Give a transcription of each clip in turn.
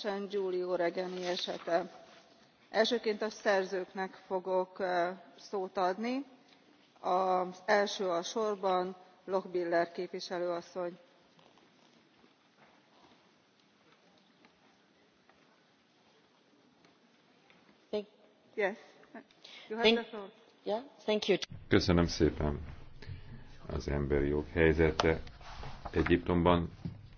természetesen giulio regeni esete. elsőként a szerzőknek fogok szót adni az első a sorban lochbihler képviselő asszony. Köszönöm szépen. Az emberi jog helyzete Egyiptomban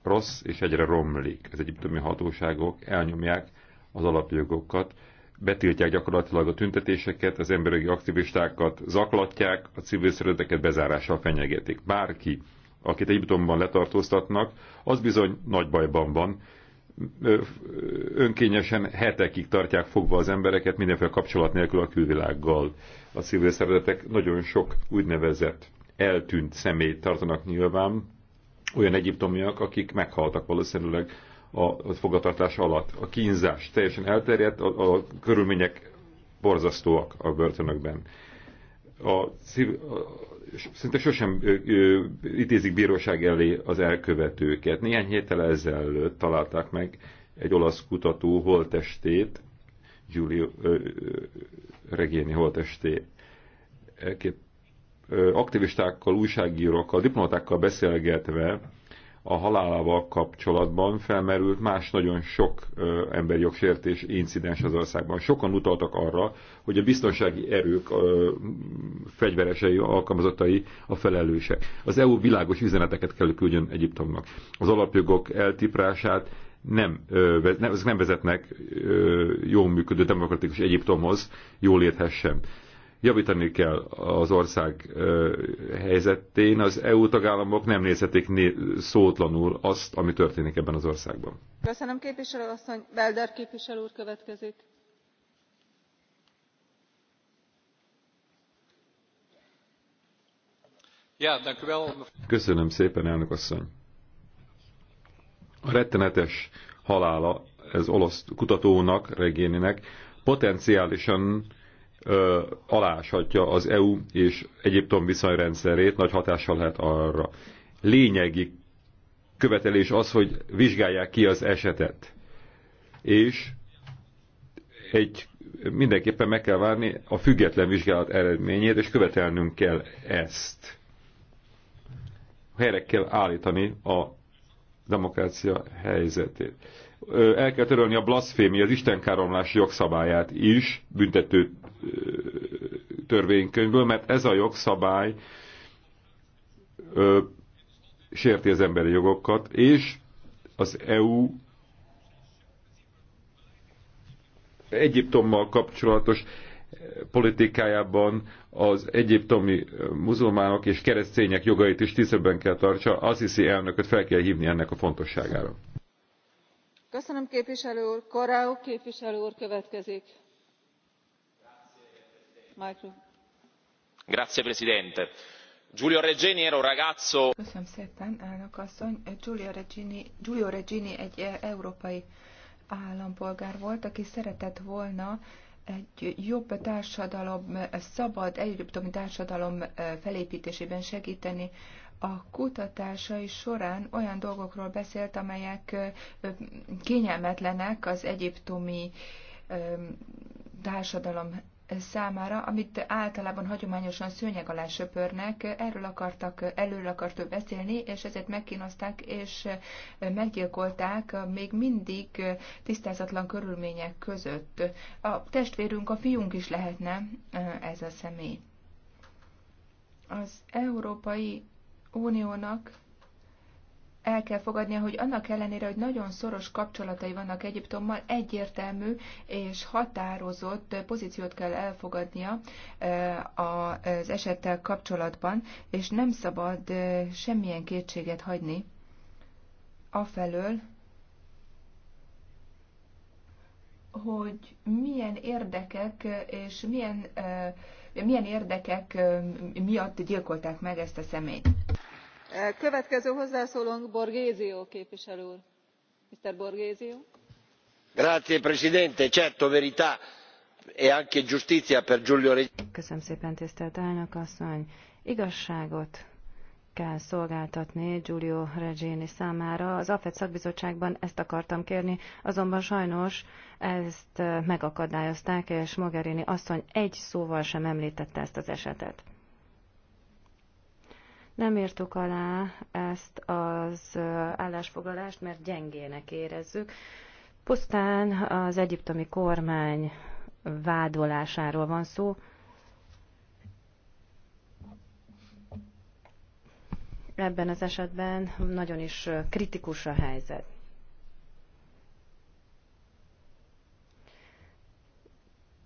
rossz és egyre romlik. Az egyiptomi hatóságok elnyomják az alapjogokat, betiltják gyakorlatilag a tüntetéseket, az emberi aktivistákat zaklatják, a civil szervezeteket bezárással fenyegetik. Bárki, akit Egyiptomban letartóztatnak, az bizony nagy bajban van. Önkényesen hetekig tartják fogva az embereket, mindenféle kapcsolat nélkül a külvilággal. A civil szervezetek nagyon sok úgynevezett eltűnt személyt tartanak nyilván, olyan egyiptomiak, akik meghaltak valószínűleg a fogatartás alatt. A kínzás teljesen elterjedt, a, a körülmények borzasztóak a börtönökben. A, civil, szinte sosem ö, ö, ítézik bíróság elé az elkövetőket. Néhány héttel ezelőtt találták meg egy olasz kutató holtestét, Giulio ö, ö, Regéni holtestét. Két aktivistákkal, újságírókkal, diplomatákkal beszélgetve a halálával kapcsolatban felmerült más nagyon sok emberi jogsértés incidens az országban. Sokan utaltak arra, hogy a biztonsági erők ö, fegyveresei, alkalmazottai a felelősek. Az EU világos üzeneteket kell küldjön Egyiptomnak. Az alapjogok eltiprását nem, ö, nem, ezek nem vezetnek ö, jól működő demokratikus Egyiptomhoz, jól érthessen. Javítani kell az ország helyzetén, az EU tagállamok nem nézhetik né szótlanul azt, ami történik ebben az országban. Köszönöm képviselő asszony, Belder képviselő úr következik. Köszönöm szépen, elnök asszony. A rettenetes halála ez olasz kutatónak, regéninek potenciálisan aláshatja az EU és Egyiptom viszonyrendszerét, nagy hatással lehet arra. Lényegi követelés az, hogy vizsgálják ki az esetet. És egy, mindenképpen meg kell várni a független vizsgálat eredményét, és követelnünk kell ezt. Helyre kell állítani a demokrácia helyzetét el kell törölni a blaszfémia, az istenkáromlás jogszabályát is büntető törvénykönyvből, mert ez a jogszabály ö, sérti az emberi jogokat, és az EU Egyiptommal kapcsolatos politikájában az egyiptomi muzulmánok és keresztények jogait is tisztelben kell tartsa, az hiszi elnököt fel kell hívni ennek a fontosságára köszönöm képviselő úr! corrao képviselő úr következik. signora presidente giulio regeni era un ragazzo. köszönöm szépen elnök asszony! giulio regeni, egy eh, európai állampolgár volt aki szeretett volna egy jobb társadalom, eh, szabad, együtt társadalom eh, felépítésében segíteni a kutatásai során olyan dolgokról beszélt, amelyek kényelmetlenek az egyiptomi társadalom számára, amit általában hagyományosan szőnyeg alá söpörnek, erről akartak, elől akart ő beszélni, és ezért megkínozták és meggyilkolták még mindig tisztázatlan körülmények között. A testvérünk, a fiunk is lehetne ez a személy. Az Európai Uniónak el kell fogadnia, hogy annak ellenére, hogy nagyon szoros kapcsolatai vannak Egyiptommal, egyértelmű és határozott pozíciót kell elfogadnia eh, az esettel kapcsolatban, és nem szabad eh, semmilyen kétséget hagyni afelől, hogy milyen érdekek és milyen, eh, milyen érdekek eh, miatt gyilkolták meg ezt a személyt. Eh, következő hozzászólónk Borgézió képviselő úr. Mr. Borgézió. Grazie Presidente, certo verità e anche giustizia per Giulio Regeni. Köszönöm szépen, tisztelt elnök asszony. Igazságot kell szolgáltatni Giulio Regini számára. Az AFET szakbizottságban ezt akartam kérni, azonban sajnos ezt megakadályozták, és Mogherini asszony egy szóval sem említette ezt az esetet. Nem írtuk alá ezt az állásfoglalást, mert gyengének érezzük. Pusztán az egyiptomi kormány vádolásáról van szó, ebben az esetben nagyon is kritikus a helyzet.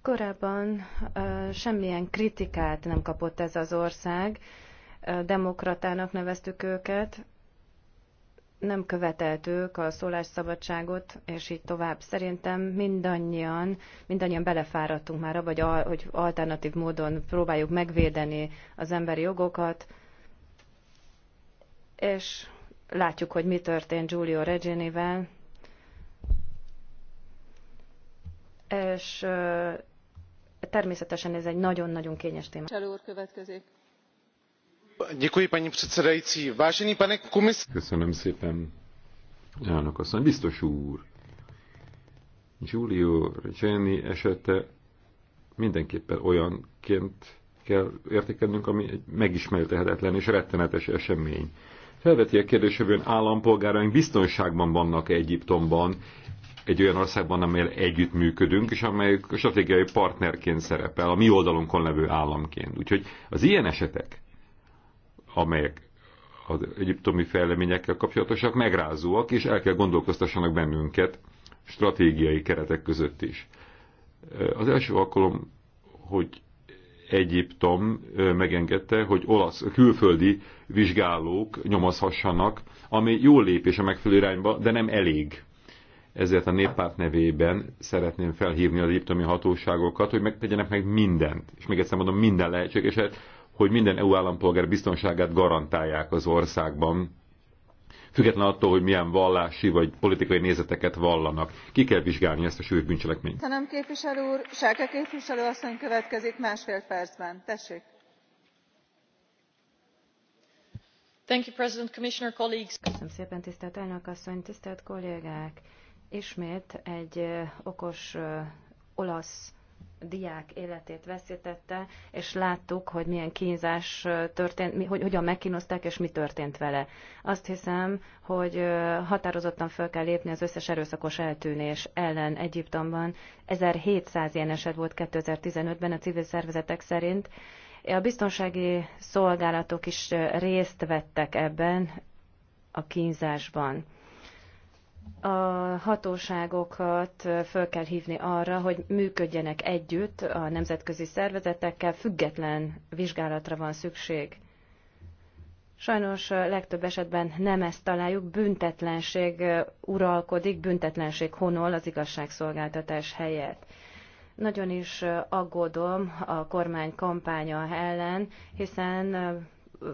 Korábban semmilyen kritikát nem kapott ez az ország, demokratának neveztük őket, nem követelt ők a szólásszabadságot, és így tovább. Szerintem mindannyian, mindannyian belefáradtunk már abba, hogy, hogy alternatív módon próbáljuk megvédeni az emberi jogokat, és látjuk, hogy mi történt Giulio Reginivel, és természetesen ez egy nagyon-nagyon kényes téma. paní předsedající. Vážený pane komis... Köszönöm szépen. Elnök asszony, biztos úr. Giulio Regeni esete mindenképpen olyanként kell értékelnünk, ami egy megismertehetetlen és rettenetes esemény felveti a kérdésövőn állampolgáraink biztonságban vannak -e Egyiptomban, egy olyan országban, amelyel együttműködünk, és amely stratégiai partnerként szerepel, a mi oldalunkon levő államként. Úgyhogy az ilyen esetek, amelyek az egyiptomi fejleményekkel kapcsolatosak, megrázóak, és el kell gondolkoztassanak bennünket stratégiai keretek között is. Az első alkalom, hogy Egyiptom megengedte, hogy olasz külföldi vizsgálók nyomozhassanak, ami jó lépés a megfelelő irányba, de nem elég. Ezért a néppárt nevében szeretném felhívni az egyiptomi hatóságokat, hogy megtegyenek meg mindent, és még egyszer mondom, minden lehetséges, hogy minden EU állampolgár biztonságát garantálják az országban, független attól, hogy milyen vallási vagy politikai nézeteket vallanak. Ki kell vizsgálni ezt a súlyos bűncselekményt. Köszönöm képviselő úr. Sáke képviselő asszony következik másfél percben. Tessék. Thank you, President, Commissioner, colleagues. Köszönöm szépen, tisztelt elnök asszony, tisztelt kollégák! Ismét egy okos olasz diák életét veszítette, és láttuk, hogy milyen kínzás történt, hogy hogyan megkínozták, és mi történt vele. Azt hiszem, hogy határozottan fel kell lépni az összes erőszakos eltűnés ellen Egyiptomban. 1700 ilyen eset volt 2015-ben a civil szervezetek szerint. A biztonsági szolgálatok is részt vettek ebben a kínzásban a hatóságokat föl kell hívni arra, hogy működjenek együtt a nemzetközi szervezetekkel, független vizsgálatra van szükség. Sajnos legtöbb esetben nem ezt találjuk, büntetlenség uralkodik, büntetlenség honol az igazságszolgáltatás helyett. Nagyon is aggódom a kormány kampánya ellen, hiszen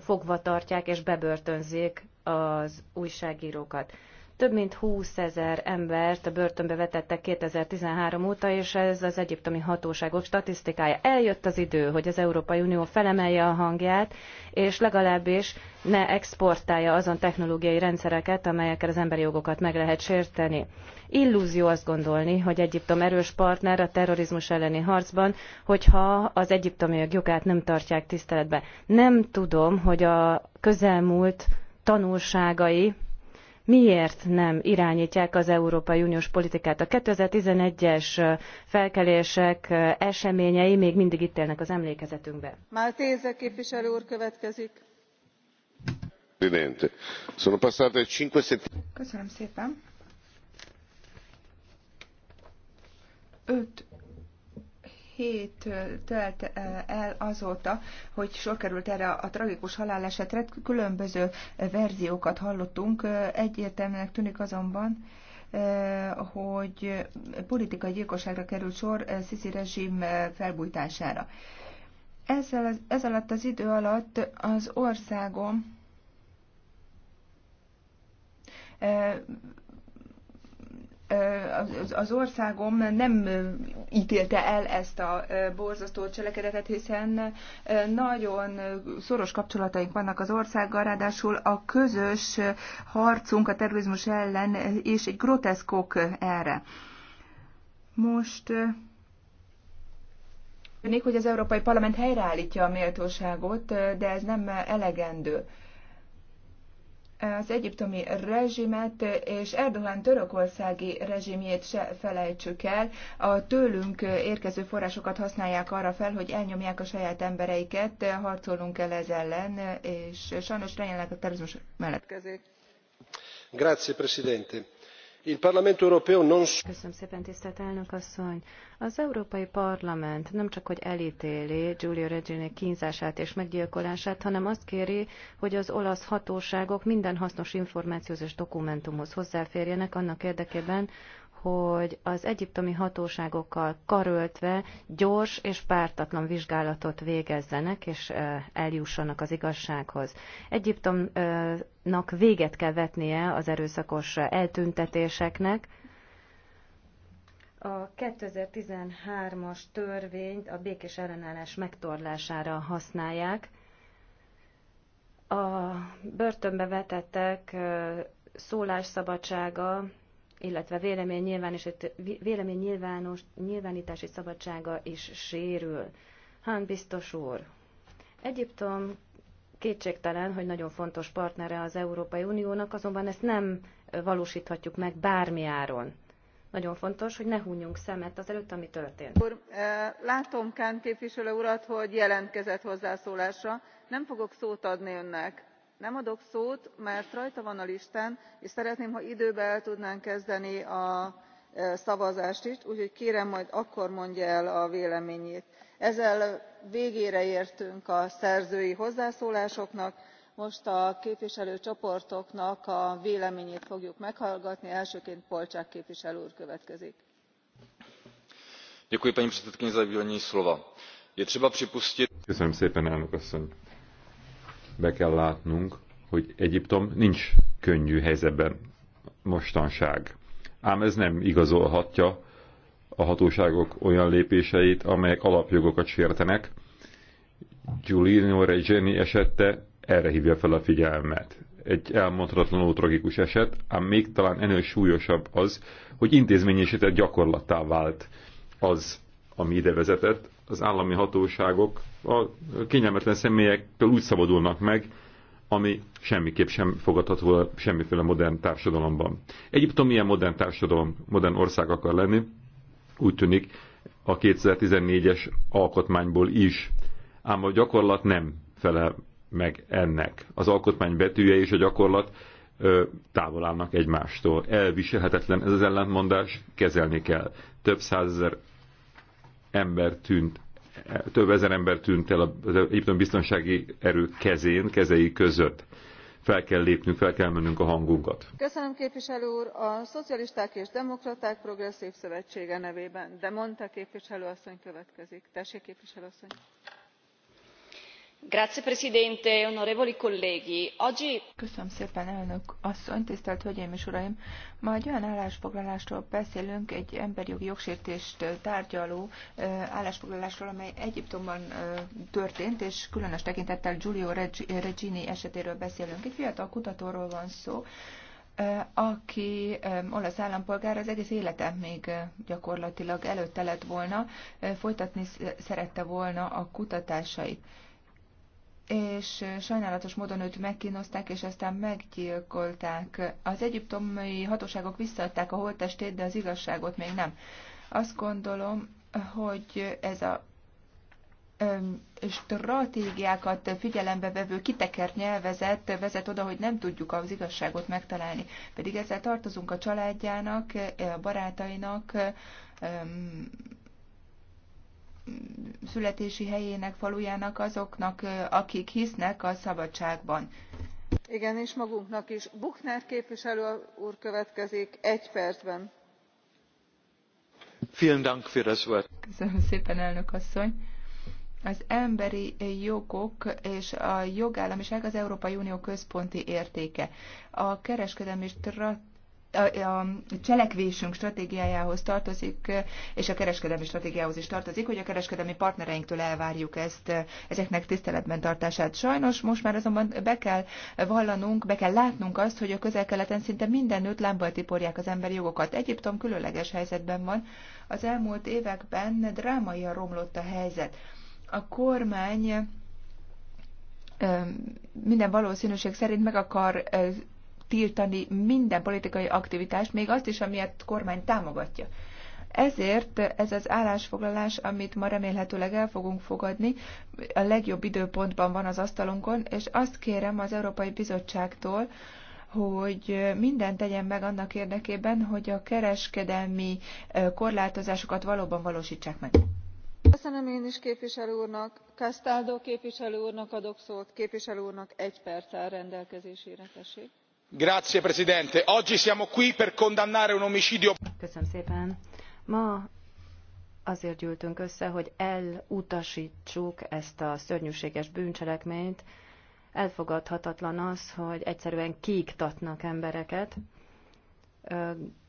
fogva tartják és bebörtönzik az újságírókat. Több mint 20 ezer embert a börtönbe vetettek 2013 óta, és ez az egyiptomi hatóságok statisztikája. Eljött az idő, hogy az Európai Unió felemelje a hangját, és legalábbis ne exportálja azon technológiai rendszereket, amelyekkel az emberi jogokat meg lehet sérteni. Illúzió azt gondolni, hogy Egyiptom erős partner a terrorizmus elleni harcban, hogyha az egyiptomi jogát nem tartják tiszteletbe. Nem tudom, hogy a közelmúlt tanulságai miért nem irányítják az Európai Uniós politikát. A 2011-es felkelések eseményei még mindig itt élnek az emlékezetünkben. Maltese képviselő úr következik. Köszönöm szépen. Öt hét telt el azóta, hogy sor került erre a tragikus halálesetre. Különböző verziókat hallottunk. Egyértelműnek tűnik azonban, hogy politikai gyilkosságra került sor Sisi rezsim felbújtására. Ezzel az, ez alatt az idő alatt az országom az országom nem ítélte el ezt a borzasztó cselekedetet, hiszen nagyon szoros kapcsolataink vannak az országgal, ráadásul a közös harcunk a terrorizmus ellen és egy groteszkok erre. Most tűnik, hogy az Európai Parlament helyreállítja a méltóságot, de ez nem elegendő az egyiptomi rezsimet és Erdogan törökországi rezsimjét se felejtsük el. A tőlünk érkező forrásokat használják arra fel, hogy elnyomják a saját embereiket, harcolunk el ez ellen, és sajnos rejelnek a terrorizmus mellett. Grazie, Presidente Köszönöm asszony! Az Európai Parlament nem csak hogy elítéli Giulio Regini kínzását és meggyilkolását, hanem azt kéri, hogy az olasz hatóságok minden hasznos információhoz és dokumentumhoz hozzáférjenek annak érdekében, hogy az egyiptomi hatóságokkal karöltve gyors és pártatlan vizsgálatot végezzenek, és eljussanak az igazsághoz. Egyiptomnak véget kell vetnie az erőszakos eltüntetéseknek, a 2013-as törvényt a békés ellenállás megtorlására használják. A börtönbe vetettek szólásszabadsága illetve vélemény, nyilvános, vélemény nyilvános, nyilvánítási szabadsága is sérül. Hán biztos úr, Egyiptom kétségtelen, hogy nagyon fontos partnere az Európai Uniónak, azonban ezt nem valósíthatjuk meg bármi áron. Nagyon fontos, hogy ne hunjunk szemet Az előtt ami történt. Úr, eh, látom Kán képviselő urat, hogy jelentkezett hozzászólásra. Nem fogok szót adni önnek nem adok szót mert rajta van a listán és szeretném ha időben el tudnánk kezdeni a e, szavazást is úgyhogy kérem majd akkor mondja el a véleményét. ezzel végére értünk a szerzői hozzászólásoknak most a képviselőcsoportoknak a véleményét fogjuk meghallgatni elsőként polk képviselő úr következik. je třeba připustit. köszönöm szépen elnök asszony! be kell látnunk, hogy Egyiptom nincs könnyű helyzetben mostanság. Ám ez nem igazolhatja a hatóságok olyan lépéseit, amelyek alapjogokat sértenek. Giulino Regeni esette erre hívja fel a figyelmet. Egy elmondhatatlanul tragikus eset, ám még talán ennél súlyosabb az, hogy intézményesített gyakorlattá vált az, ami ide vezetett. Az állami hatóságok a kényelmetlen személyektől úgy szabadulnak meg, ami semmiképp sem fogadható semmiféle modern társadalomban. Egyiptom milyen modern társadalom, modern ország akar lenni, úgy tűnik a 2014-es alkotmányból is, ám a gyakorlat nem fele meg ennek. Az alkotmány betűje és a gyakorlat ö, távol állnak egymástól. Elviselhetetlen ez az ellentmondás, kezelni kell. Több százezer ember tűnt több ezer ember tűnt el az egyiptom biztonsági erők kezén, kezei között. Fel kell lépnünk, fel kell mennünk a hangunkat. Köszönöm képviselő úr, a Szocialisták és Demokraták Progresszív Szövetsége nevében, de mondta képviselő asszony következik. Tessék képviselő asszony. Presidente, onorevoli colleghi. Oggi... Köszönöm szépen, elnök asszony, tisztelt Hölgyeim és Uraim! Ma egy olyan állásfoglalásról beszélünk, egy emberjogi jogsértést tárgyaló állásfoglalásról, amely Egyiptomban történt, és különös tekintettel Giulio Regini esetéről beszélünk. Egy fiatal kutatóról van szó, aki olasz állampolgár az egész élete még gyakorlatilag előtte lett volna, folytatni szerette volna a kutatásait és sajnálatos módon őt megkínozták, és aztán meggyilkolták. Az egyiptomi hatóságok visszaadták a holttestét, de az igazságot még nem. Azt gondolom, hogy ez a stratégiákat figyelembe vevő kitekert nyelvezet vezet oda, hogy nem tudjuk az igazságot megtalálni. Pedig ezzel tartozunk a családjának, a barátainak, születési helyének, falujának azoknak, akik hisznek a szabadságban. Igen, és magunknak is. Buchner képviselő úr következik egy percben. Vielen Dank für das Wort. Köszönöm szépen, elnök asszony. Az emberi jogok és a jogállamiság az Európai Unió központi értéke. A kereskedelmi stratégia a cselekvésünk stratégiájához tartozik, és a kereskedelmi stratégiához is tartozik, hogy a kereskedelmi partnereinktől elvárjuk ezt, ezeknek tiszteletben tartását. Sajnos most már azonban be kell vallanunk, be kell látnunk azt, hogy a közel-keleten szinte mindenütt lámbal tiporják az emberi jogokat. Egyiptom különleges helyzetben van. Az elmúlt években drámaian romlott a helyzet. A kormány minden valószínűség szerint meg akar tiltani minden politikai aktivitást, még azt is, amilyet kormány támogatja. Ezért ez az állásfoglalás, amit ma remélhetőleg el fogunk fogadni, a legjobb időpontban van az asztalunkon, és azt kérem az Európai Bizottságtól, hogy mindent tegyen meg annak érdekében, hogy a kereskedelmi korlátozásokat valóban valósítsák meg. Köszönöm én is képviselő úrnak. Castaldo képviselő úrnak adok szót. Képviselő úrnak egy perc áll rendelkezésére, tessék signor presidente oggi siamo qui per condannare un omicidio. ma azért gyűltünk össze hogy elutastsuk ezt a szörnyűséges bűncselekményt. elfogadhatatlan az hogy egyszerűen kiiktatnak embereket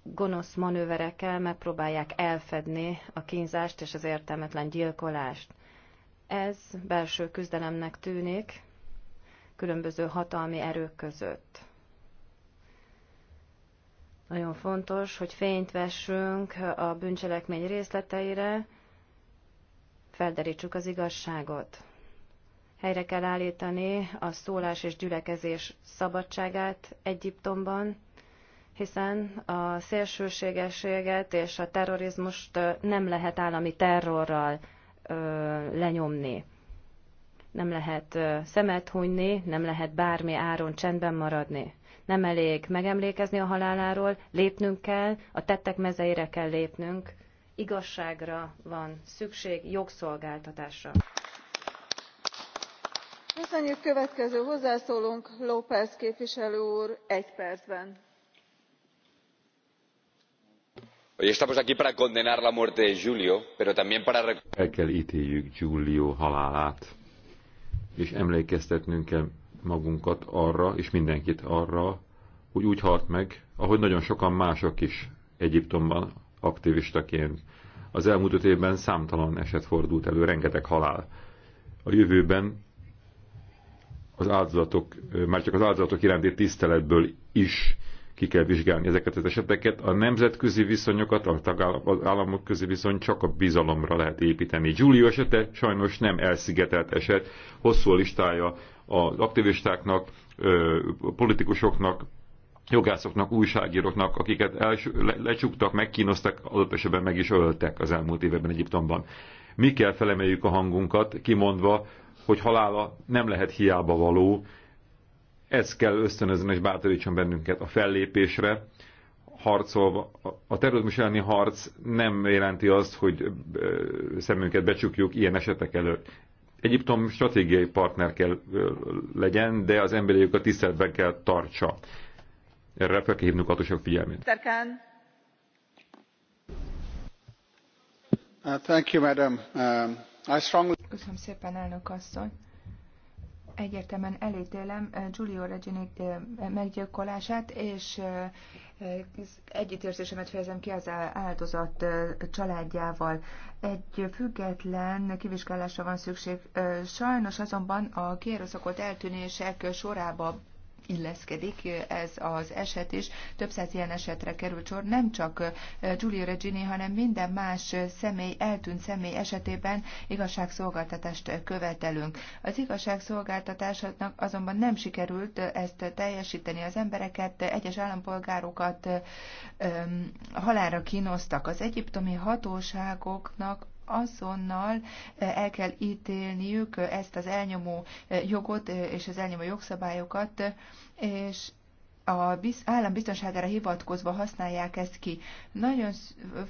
gonosz manőverekkel megpróbálják elfedni a kínzást és az értelmetlen gyilkolást. Ez belső küzdelemnek tűnik különböző hatalmi erők között nagyon fontos, hogy fényt vessünk a bűncselekmény részleteire, felderítsük az igazságot. Helyre kell állítani a szólás és gyülekezés szabadságát Egyiptomban, hiszen a szélsőségességet és a terrorizmust nem lehet állami terrorral ö, lenyomni. Nem lehet szemet hunyni, nem lehet bármi áron csendben maradni nem elég megemlékezni a haláláról, lépnünk kell, a tettek mezeire kell lépnünk, igazságra van szükség, jogszolgáltatásra. Köszönjük következő hozzászólónk, López képviselő úr, egy percben. El kell ítéljük Giulio halálát, és emlékeztetnünk kell magunkat arra, és mindenkit arra, hogy úgy halt meg, ahogy nagyon sokan mások is Egyiptomban aktivistaként. Az elmúlt öt évben számtalan eset fordult elő, rengeteg halál. A jövőben az áldozatok, már csak az áldozatok iránti tiszteletből is ki kell vizsgálni ezeket az eseteket. A nemzetközi viszonyokat, a államok közi viszony csak a bizalomra lehet építeni. Giulio esete sajnos nem elszigetelt eset, hosszú listája az aktivistáknak, politikusoknak, jogászoknak, újságíróknak, akiket első, le, lecsuktak, megkínoztak, adott esetben meg is öltek az elmúlt években Egyiptomban. Mi kell felemeljük a hangunkat, kimondva, hogy halála nem lehet hiába való, ez kell ösztönözni és bátorítson bennünket a fellépésre, harcolva. A terrorizmus elleni harc nem jelenti azt, hogy szemünket becsukjuk ilyen esetek előtt. Egyiptom stratégiai partner kell legyen, de az emberi jogokat tiszteletben kell tartsa. Erre fel kell hívnunk hatóság figyelmét. Uh, um, Köszönöm szépen, elnök asszony. Egyértelműen elítélem uh, Giulio Regini uh, meggyilkolását, és együttérzésemet fejezem ki az áldozat családjával. Egy független kivizsgálásra van szükség. Sajnos azonban a kiérőszakolt eltűnések sorába illeszkedik ez az eset is. Több száz ilyen esetre került sor, nem csak Giulio Regini, hanem minden más személy, eltűnt személy esetében igazságszolgáltatást követelünk. Az igazságszolgáltatásnak azonban nem sikerült ezt teljesíteni. Az embereket, egyes állampolgárokat halára kínoztak. Az egyiptomi hatóságoknak azonnal eh, el kell ítélniük eh, ezt az elnyomó eh, jogot és az elnyomó jogszabályokat, és a állam biztonságára hivatkozva használják ezt ki. Nagyon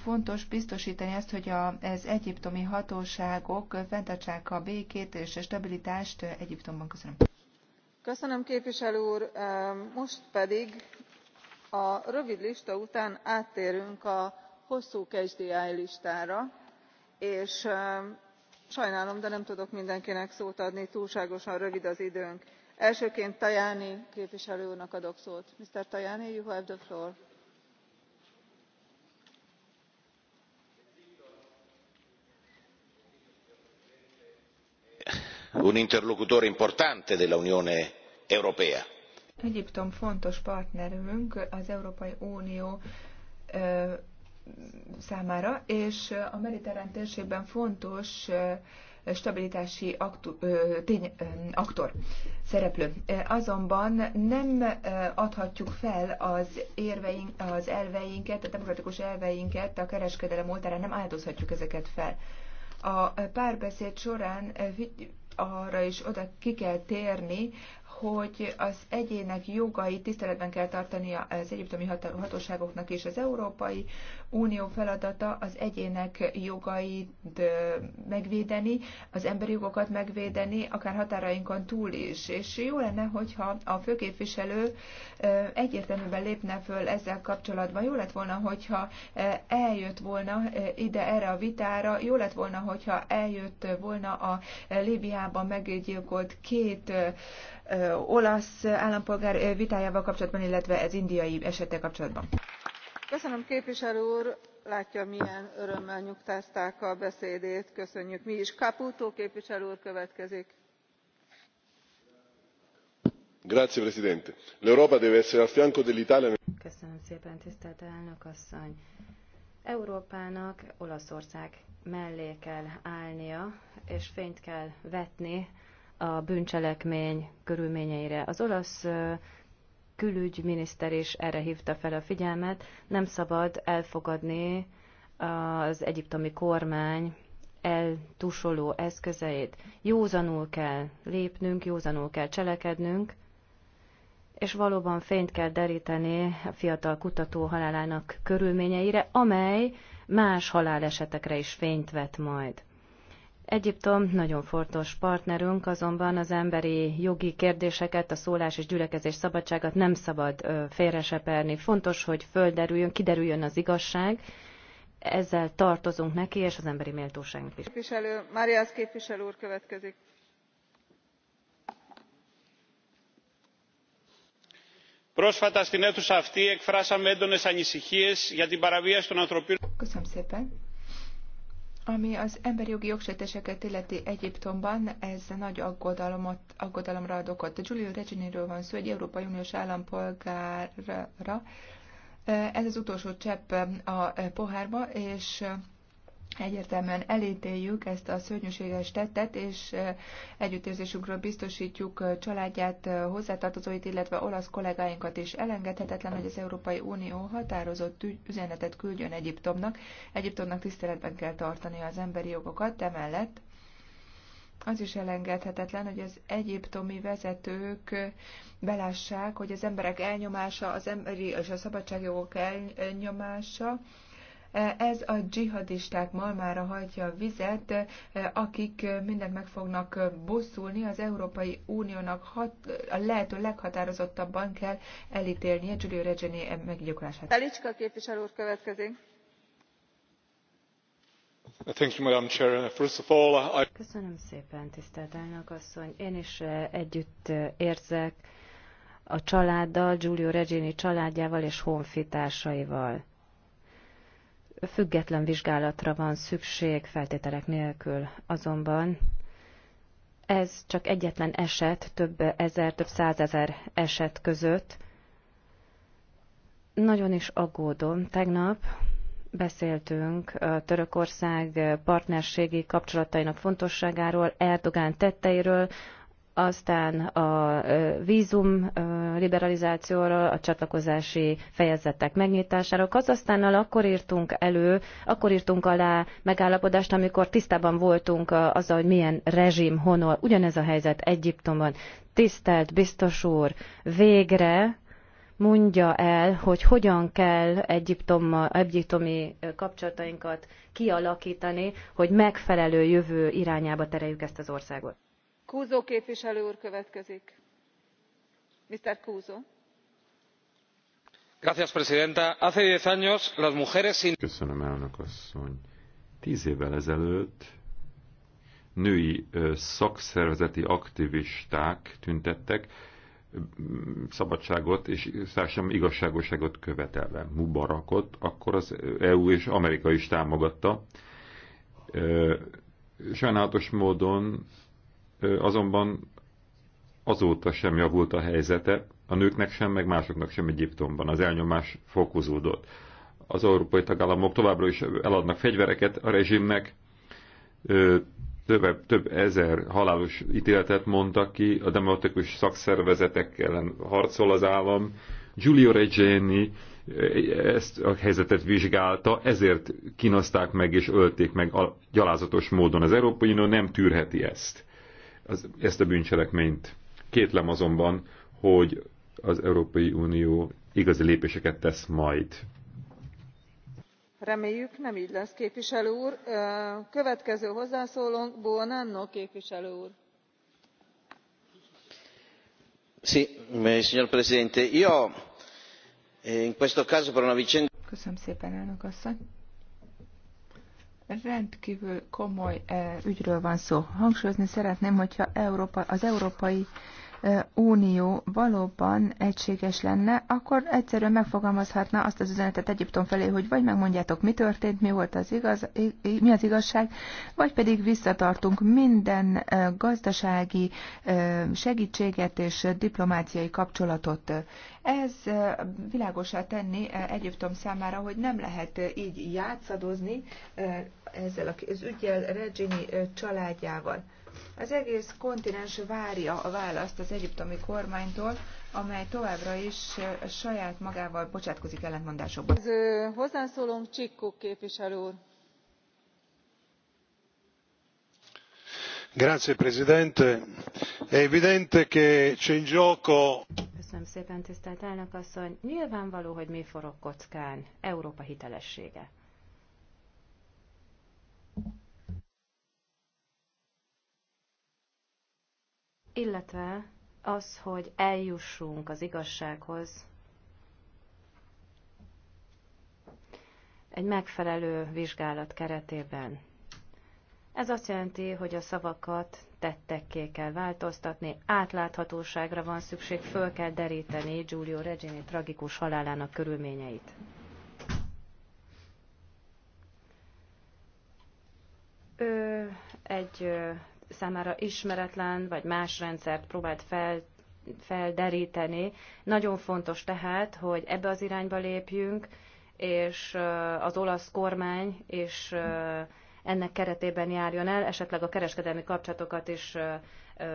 fontos biztosítani azt, hogy az egyiptomi hatóságok fenntartsák a békét és a stabilitást Egyiptomban. Köszönöm. Köszönöm, képviselő úr. Most pedig a rövid lista után áttérünk a hosszú kezdi listára és sajnálom de nem tudok mindenkinek szót adni túlságosan rövid az időnk. elsőként tajani képviselő úrnak adok szót. mr tajani you have the floor. un interlocutore importante dell'unione europea. egyiptom fontos partnerünk az európai unió számára, és a mediterrán térségben fontos stabilitási aktu, tény, aktor, szereplő. Azonban nem adhatjuk fel az, érveink, az elveinket, a demokratikus elveinket a kereskedelem oltárán, nem áldozhatjuk ezeket fel. A párbeszéd során arra is oda ki kell térni, hogy az egyének jogai tiszteletben kell tartani az egyiptomi hatóságoknak és az Európai Unió feladata az egyének jogait megvédeni, az emberi jogokat megvédeni, akár határainkon túl is. És jó lenne, hogyha a főképviselő egyértelműen lépne föl ezzel kapcsolatban. Jó lett volna, hogyha eljött volna ide erre a vitára, jó lett volna, hogyha eljött volna a Líbiában meggyilkolt két olasz állampolgár vitájával kapcsolatban, illetve az indiai esettel kapcsolatban. Köszönöm képviselő úr, látja milyen örömmel nyugtázták a beszédét, köszönjük mi is. Caputo képviselő úr következik. Grazie Presidente. L'Europa deve essere al fianco dell'Italia. Köszönöm szépen, tisztelt elnök asszony. Európának Olaszország mellé kell állnia, és fényt kell vetni a bűncselekmény körülményeire. Az olasz külügyminiszter is erre hívta fel a figyelmet, nem szabad elfogadni az egyiptomi kormány eltusoló eszközeit. Józanul kell lépnünk, józanul kell cselekednünk, és valóban fényt kell deríteni a fiatal kutató halálának körülményeire, amely más halálesetekre is fényt vet majd. Egyiptom nagyon fontos partnerünk, azonban az emberi jogi kérdéseket, a szólás és gyülekezés szabadságát nem szabad félreseperni. Fontos, hogy földerüljön, kiderüljön az igazság, ezzel tartozunk neki, és az emberi méltóságnak is. Képviselő, Máriász képviselő úr következik. Köszönöm szépen. Ami az emberi jogi jogsértéseket illeti Egyiptomban, ez nagy aggodalomot, aggodalomra ad okot. Giulio Reginiről van szó, egy Európai Uniós állampolgárra. Ez az utolsó csepp a pohárba, és Egyértelműen elítéljük ezt a szörnyűséges tettet, és együttérzésünkről biztosítjuk családját, hozzátartozóit, illetve olasz kollégáinkat is. Elengedhetetlen, hogy az Európai Unió határozott üzenetet küldjön Egyiptomnak. Egyiptomnak tiszteletben kell tartani az emberi jogokat, emellett az is elengedhetetlen, hogy az egyiptomi vezetők belássák, hogy az emberek elnyomása, az emberi és a szabadságjogok elnyomása, ez a dzsihadisták malmára hajtja a vizet, akik mindent meg fognak bosszulni. Az Európai Uniónak hat, a lehető leghatározottabban kell elítélnie Giulio Regeni meggyilkolását. Telicska képviselő úr következik. Köszönöm szépen, tisztelt elnök asszony. Én is eh, együtt eh, érzek a családdal, Giulio Regini családjával és honfitársaival. Független vizsgálatra van szükség feltételek nélkül, azonban ez csak egyetlen eset, több ezer, több százezer eset között. Nagyon is aggódom. Tegnap beszéltünk a Törökország partnerségi kapcsolatainak fontosságáról, Erdogán tetteiről, aztán a vízum liberalizációról, a csatlakozási fejezetek megnyitásáról. Kazasztánnal akkor írtunk elő, akkor írtunk alá megállapodást, amikor tisztában voltunk azzal, hogy milyen rezsim honol. Ugyanez a helyzet Egyiptomban. Tisztelt biztos úr, végre mondja el, hogy hogyan kell egyiptomi kapcsolatainkat kialakítani, hogy megfelelő jövő irányába tereljük ezt az országot couso képviselő úr következik. señora presidenta hace diez años las mujeres sin. köszönöm elnök asszony. tíz évvel ezelőtt női szakszervezeti aktivisták tüntettek szabadságot és társadalmi igazságoságot követelve. Mubarakot akkor az EU és Amerika is támogatta. Sajnálatos módon azonban azóta sem javult a helyzete, a nőknek sem, meg másoknak sem Egyiptomban. Az elnyomás fokozódott. Az európai tagállamok továbbra is eladnak fegyvereket a rezsimnek, több, több ezer halálos ítéletet mondtak ki, a demokratikus szakszervezetek ellen harcol az állam. Giulio Regeni ezt a helyzetet vizsgálta, ezért kínozták meg és ölték meg a gyalázatos módon. Az Európai Unió nem tűrheti ezt az, ezt a bűncselekményt. Kétlem azonban, hogy az Európai Unió igazi lépéseket tesz majd. Reméljük nem így lesz, képviselő úr. Következő hozzászólónk Buonanno képviselő úr. Sí, signor Presidente, io in questo caso per una vicenda... Köszönöm szépen, elnök asszony rendkívül komoly eh, ügyről van szó. Hangsúlyozni szeretném, hogyha Európa, az európai Unió valóban egységes lenne, akkor egyszerűen megfogalmazhatna azt az üzenetet Egyiptom felé, hogy vagy megmondjátok, mi történt, mi volt az igaz, mi az igazság, vagy pedig visszatartunk minden gazdasági segítséget és diplomáciai kapcsolatot. Ez világosá tenni Egyiptom számára, hogy nem lehet így játszadozni ezzel az ügyel Regini családjával. Az egész kontinens várja a választ az egyiptomi kormánytól, amely továbbra is saját magával bocsátkozik ellentmondásokba. Hozzászólunk Csikkó képviselő úr. Grazie Presidente. È evidente che c'è in gioco... Köszönöm szépen, tisztelt elnök asszony. Nyilvánvaló, hogy mi forog kockán Európa hitelessége. illetve az, hogy eljussunk az igazsághoz egy megfelelő vizsgálat keretében. Ez azt jelenti, hogy a szavakat tettekké kell változtatni, átláthatóságra van szükség, föl kell deríteni Giulio Regini tragikus halálának körülményeit. Ő egy számára ismeretlen vagy más rendszert próbált fel, felderíteni. Nagyon fontos tehát, hogy ebbe az irányba lépjünk, és az olasz kormány és ennek keretében járjon el, esetleg a kereskedelmi kapcsolatokat is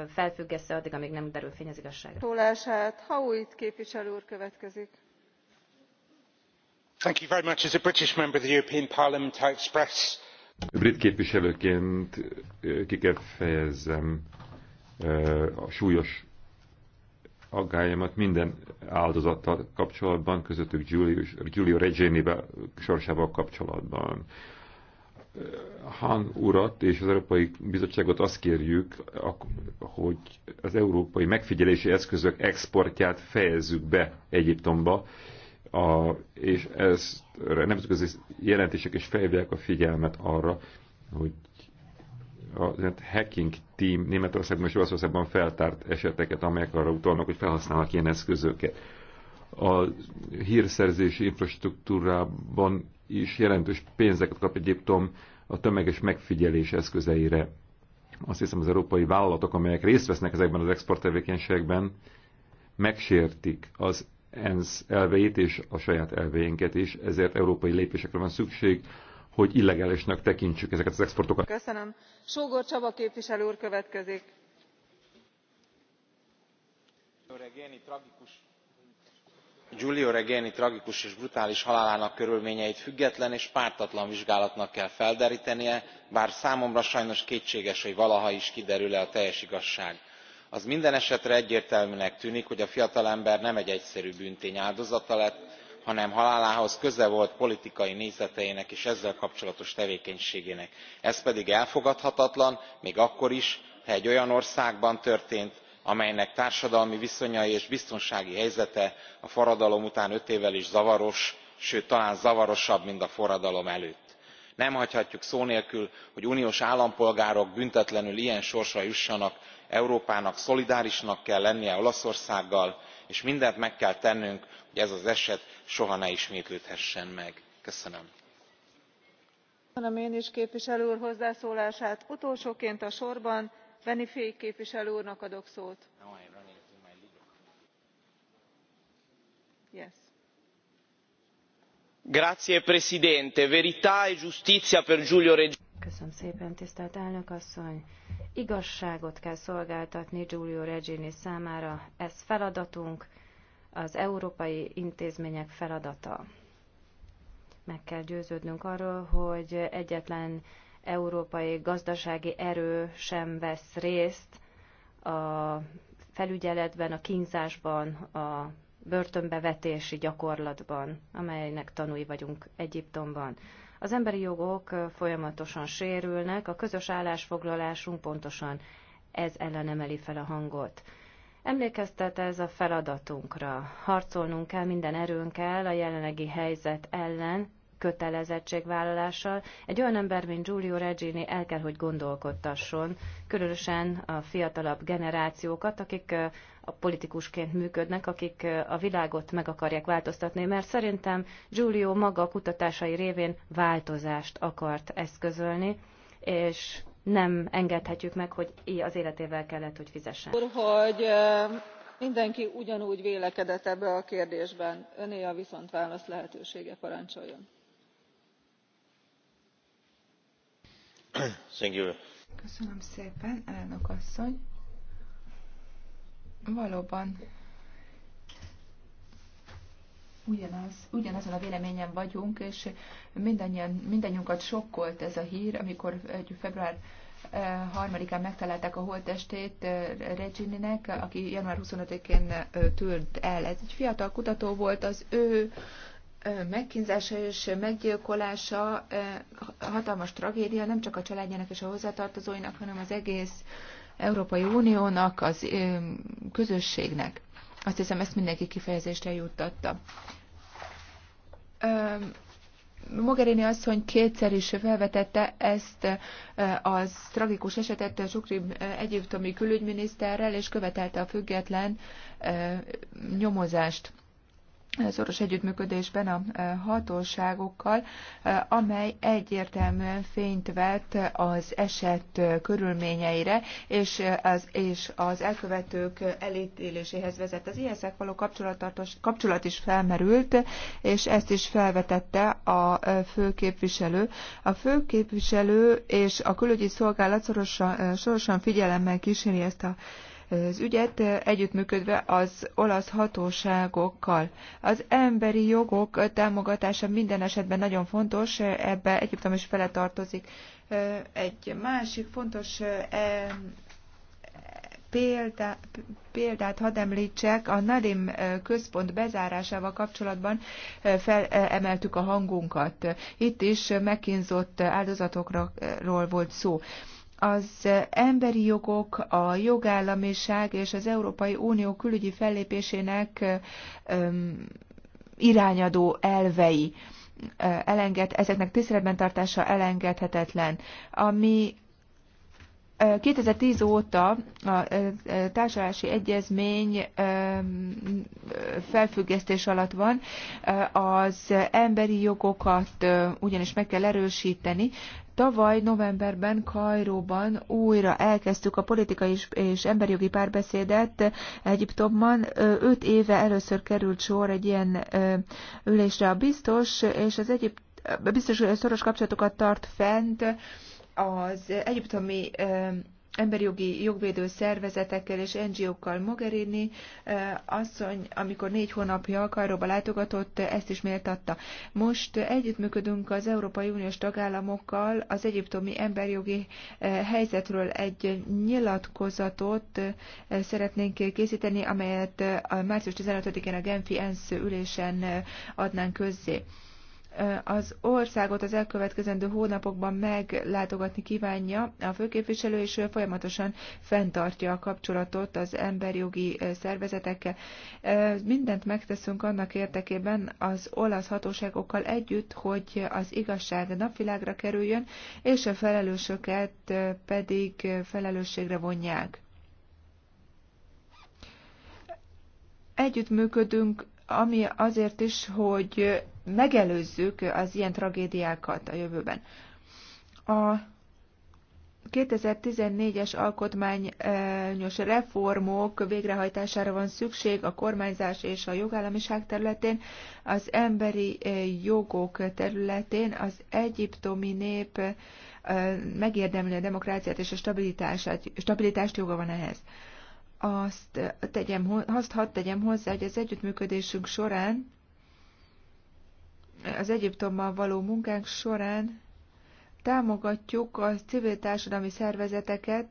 felfüggesse addig, amíg nem derül fény az igazságra. Szólását Howitt képviselő úr következik. Thank you very much. As a British member of the European Parliament, I express Brit képviselőként ki kell fejezzem a súlyos aggályomat minden áldozattal kapcsolatban, közöttük Julius, Giulio Regeni sorsával kapcsolatban. Han urat és az Európai Bizottságot azt kérjük, hogy az európai megfigyelési eszközök exportját fejezzük be Egyiptomba, a, és ez nemzetközi jelentések is felhívják a figyelmet arra, hogy a hacking team Németországban és Olaszországban feltárt eseteket, amelyek arra utalnak, hogy felhasználnak ilyen eszközöket. A hírszerzési infrastruktúrában is jelentős pénzeket kap Egyiptom a tömeges megfigyelés eszközeire. Azt hiszem az európai vállalatok, amelyek részt vesznek ezekben az exporttevékenységben, megsértik az ENSZ elveit és a saját elveinket is, ezért európai lépésekre van szükség, hogy illegálisnak tekintsük ezeket az exportokat. Köszönöm. Sógor Csaba képviselő úr következik. Giulio Regeni tragikus és brutális halálának körülményeit független és pártatlan vizsgálatnak kell felderítenie, bár számomra sajnos kétséges, hogy valaha is kiderül-e a teljes igazság az mindenesetre egyértelműnek tűnik hogy a fiatalember nem egy egyszerű bűntény áldozata lett hanem halálához köze volt politikai nézeteinek és ezzel kapcsolatos tevékenységének ez pedig elfogadhatatlan még akkor is ha egy olyan országban történt amelynek társadalmi viszonyai és biztonsági helyzete a forradalom után öt évvel is zavaros sőt talán zavarosabb mint a forradalom előtt nem hagyhatjuk szó nélkül hogy uniós állampolgárok büntetlenül ilyen sorsra jussanak európának szolidárisnak kell lennie olaszországgal és mindent meg kell tennünk hogy ez az eset soha ne ismétlődhessen meg. köszönöm. köszönöm én is képviselő úr hozzászólását. utolsóként a sorban benifei képviselő úrnak adok szót. Grazie, Presidente. Verità e Köszönöm szépen, tisztelt elnök Igazságot kell szolgáltatni Giulio Regini számára. Ez feladatunk, az európai intézmények feladata. Meg kell győződnünk arról, hogy egyetlen európai gazdasági erő sem vesz részt a felügyeletben, a kínzásban, a börtönbevetési gyakorlatban, amelynek tanúi vagyunk Egyiptomban. Az emberi jogok folyamatosan sérülnek, a közös állásfoglalásunk pontosan ez ellen emeli fel a hangot. Emlékeztet ez a feladatunkra. Harcolnunk kell minden erőnkkel a jelenlegi helyzet ellen, kötelezettségvállalással. Egy olyan ember, mint Giulio Regini el kell, hogy gondolkodtasson, különösen a fiatalabb generációkat, akik a politikusként működnek, akik a világot meg akarják változtatni, mert szerintem Giulio maga a kutatásai révén változást akart eszközölni, és nem engedhetjük meg, hogy így az életével kellett, hogy fizessen. Úr, hogy mindenki ugyanúgy vélekedett ebbe a kérdésben. Öné a viszontválasz lehetősége, parancsoljon. Thank you. Köszönöm szépen, elnök asszony. Valóban ugyanaz, ugyanazon a véleményen vagyunk, és mindannyian, mindannyiunkat sokkolt ez a hír, amikor egy február eh, harmadikán megtalálták a holttestét eh, Regininek, aki január 25-én eh, tűnt el. Ez egy fiatal kutató volt, az ő megkínzása és meggyilkolása hatalmas tragédia, nem csak a családjának és a hozzátartozóinak, hanem az egész Európai Uniónak, az közösségnek. Azt hiszem, ezt mindenki kifejezésre juttatta. Mogherini asszony kétszer is felvetette ezt az tragikus esetet a Zsukri egyiptomi külügyminiszterrel, és követelte a független nyomozást szoros együttműködésben a e, hatóságokkal, e, amely egyértelműen fényt vett az eset e, körülményeire, és az, és az elkövetők elítéléséhez vezet. Az ISZ-ek való kapcsolat is felmerült, és ezt is felvetette a főképviselő. A főképviselő és a külügyi szolgálat szorosan, sorosan figyelemmel kíséri ezt a az ügyet együttműködve az olasz hatóságokkal. Az emberi jogok támogatása minden esetben nagyon fontos, ebbe Egyiptom is fele tartozik. Egy másik fontos e, példa, példát hadd említsek, a Nadim központ bezárásával kapcsolatban felemeltük a hangunkat. Itt is megkínzott áldozatokról volt szó az emberi jogok, a jogállamiság és az Európai Unió külügyi fellépésének irányadó elvei elenged, ezeknek tiszteletben tartása elengedhetetlen. Ami 2010 óta a társadalási egyezmény felfüggesztés alatt van, az emberi jogokat ugyanis meg kell erősíteni. Tavaly novemberben Kajróban újra elkezdtük a politikai és, emberi jogi párbeszédet Egyiptomban. Öt éve először került sor egy ilyen ülésre a biztos, és az egyip, biztos szoros kapcsolatokat tart fent az egyiptomi emberi jogi jogvédő szervezetekkel és NGO-kkal Mogherini asszony, amikor négy hónapja Kajróba látogatott, ezt is méltatta. Most együttműködünk az Európai Uniós tagállamokkal az egyiptomi emberjogi helyzetről egy nyilatkozatot szeretnénk készíteni, amelyet március 15-én a Genfi ENSZ ülésen adnánk közzé az országot az elkövetkezendő hónapokban meglátogatni kívánja a főképviselő, és folyamatosan fenntartja a kapcsolatot az emberjogi szervezetekkel. Mindent megteszünk annak érdekében az olasz hatóságokkal együtt, hogy az igazság napvilágra kerüljön, és a felelősöket pedig felelősségre vonják. Együttműködünk ami azért is, hogy megelőzzük az ilyen tragédiákat a jövőben. A 2014-es alkotmányos reformok végrehajtására van szükség a kormányzás és a jogállamiság területén, az emberi jogok területén az egyiptomi nép megérdemli a demokráciát és a stabilitását, stabilitást joga van ehhez. Azt, tegyem, azt hadd tegyem hozzá, hogy az együttműködésünk során az Egyiptommal való munkánk során támogatjuk a civil társadalmi szervezeteket,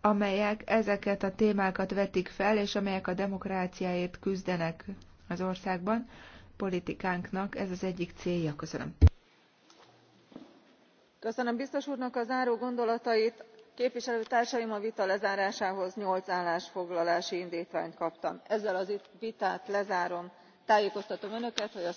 amelyek ezeket a témákat vetik fel, és amelyek a demokráciáért küzdenek az országban. Politikánknak ez az egyik célja. Köszönöm. Köszönöm biztos úrnak a záró gondolatait. Képviselőtársaim a vita lezárásához nyolc állásfoglalási indítványt kaptam. Ezzel az vitát lezárom. Tájékoztatom önöket, hogy a